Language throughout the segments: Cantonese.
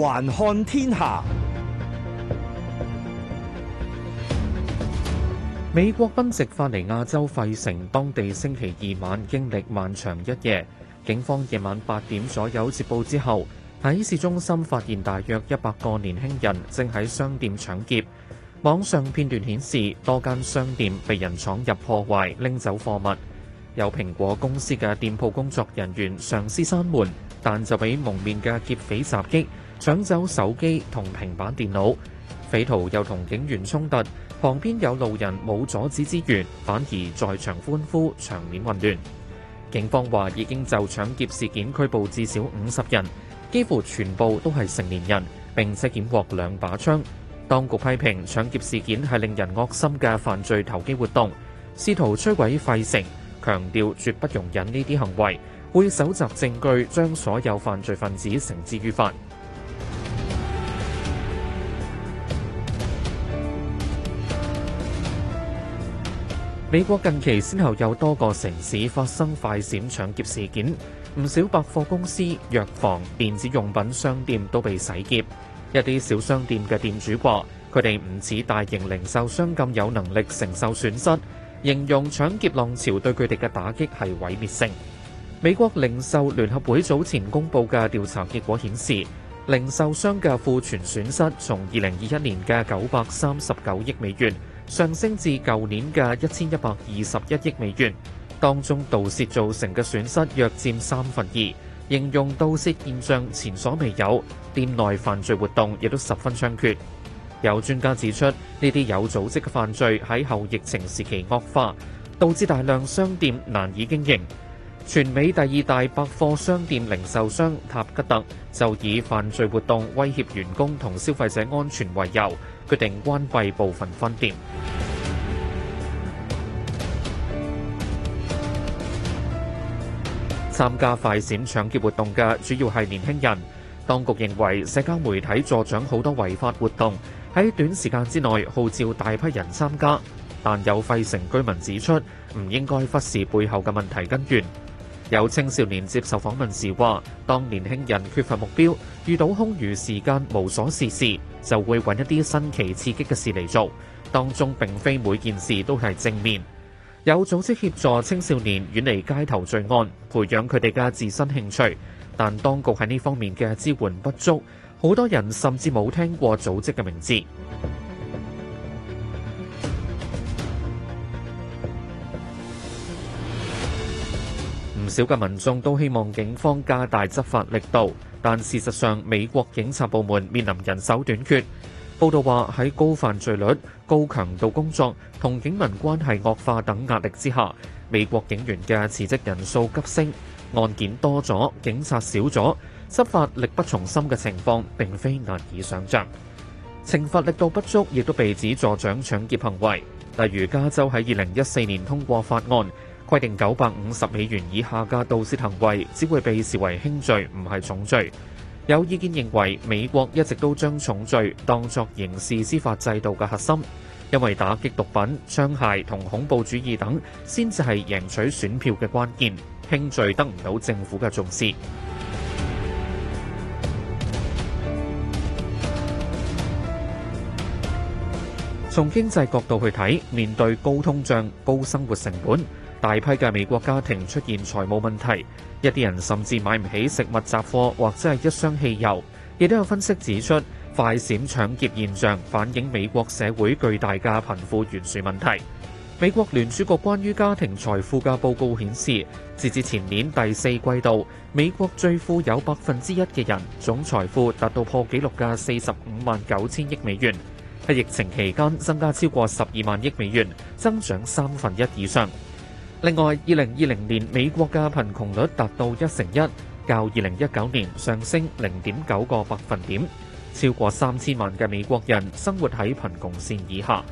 環看天下，美國賓夕法尼亞州費城當地星期二晚經歷漫長一夜，警方夜晚八點左右接報之後，喺市中心發現大約一百個年輕人正喺商店搶劫。網上片段顯示，多間商店被人闖入破壞、拎走貨物，有蘋果公司嘅店鋪工作人員嘗試閂門，但就俾蒙面嘅劫匪襲擊。搶走手機同平板電腦，匪徒又同警員衝突，旁邊有路人冇阻止之餘，反而在場歡呼，場面混亂。警方話已經就搶劫事件拘捕至少五十人，幾乎全部都係成年人，並且檢獲兩把槍。當局批評搶劫事件係令人惡心嘅犯罪投機活動，試圖摧毀費城，強調絕不容忍呢啲行為，會搜集證據，將所有犯罪分子繩之於法。美國近期先後有多個城市發生快閃搶劫事件，唔少百貨公司、藥房、電子用品商店都被洗劫。一啲小商店嘅店主話，佢哋唔似大型零售商咁有能力承受損失，形容搶劫浪潮對佢哋嘅打擊係毀滅性。美國零售聯合會早前公布嘅調查結果顯示，零售商嘅庫存損失從2021年嘅939億美元上升至舊年嘅一千一百二十一億美元，當中盜竊造成嘅損失約佔三分二，形容盜竊現象前所未有，店內犯罪活動亦都十分猖獗。有專家指出，呢啲有組織嘅犯罪喺後疫情時期惡化，導致大量商店難以經營。全美第二大百貨商店零售商塔吉特就以犯罪活動威脅員工同消費者安全為由，決定關閉部分分店。參加快閃搶劫活動嘅主要係年輕人，當局認為社交媒體助長好多違法活動，喺短時間之內號召大批人參加。但有費城居民指出，唔應該忽視背後嘅問題根源。有青少年接受訪問時話，當年輕人缺乏目標，遇到空餘時間無所事事，就會揾一啲新奇刺激嘅事嚟做。當中並非每件事都係正面。有組織協助青少年遠離街頭罪案，培養佢哋嘅自身興趣，但當局喺呢方面嘅支援不足，好多人甚至冇聽過組織嘅名字。唔少嘅民眾都希望警方加大執法力度，但事實上美國警察部門面臨人手短缺。報道話喺高犯罪率、高強度工作同警民關係惡化等壓力之下，美國警員嘅辭職人數急升，案件多咗，警察少咗，執法力不從心嘅情況並非難以想像。懲罰力度不足亦都被指助長搶劫行為，例如加州喺二零一四年通過法案。規定九百五十美元以下嘅盜竊行為只會被視為輕罪，唔係重罪。有意見認為，美國一直都將重罪當作刑事司法制度嘅核心，因為打擊毒品、槍械同恐怖主義等，先至係贏取選票嘅關鍵。輕罪得唔到政府嘅重視。從經濟角度去睇，面對高通脹、高生活成本，大批嘅美國家庭出現財務問題，一啲人甚至買唔起食物雜貨或者係一箱汽油。亦都有分析指出，快閃搶劫現象反映美國社會巨大嘅貧富懸殊問題，美國聯儲局關於家庭財富嘅報告顯示，截至前年第四季度，美國最富有百分之一嘅人總財富達到破紀錄嘅四十五萬九千億美元，喺疫情期間增加超過十二萬億美元，增長三分一以上。另外，二零二零年美國嘅貧窮率達到一成一，較二零一九年上升零點九個百分點，超過三千萬嘅美國人生活喺貧窮線以下。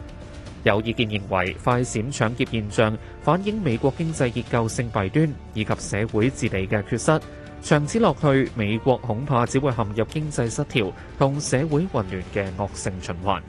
有意見認為，快閃搶劫現象反映美國經濟結構性弊端以及社會治理嘅缺失。長此落去，美國恐怕只會陷入經濟失調同社會混亂嘅惡性循環。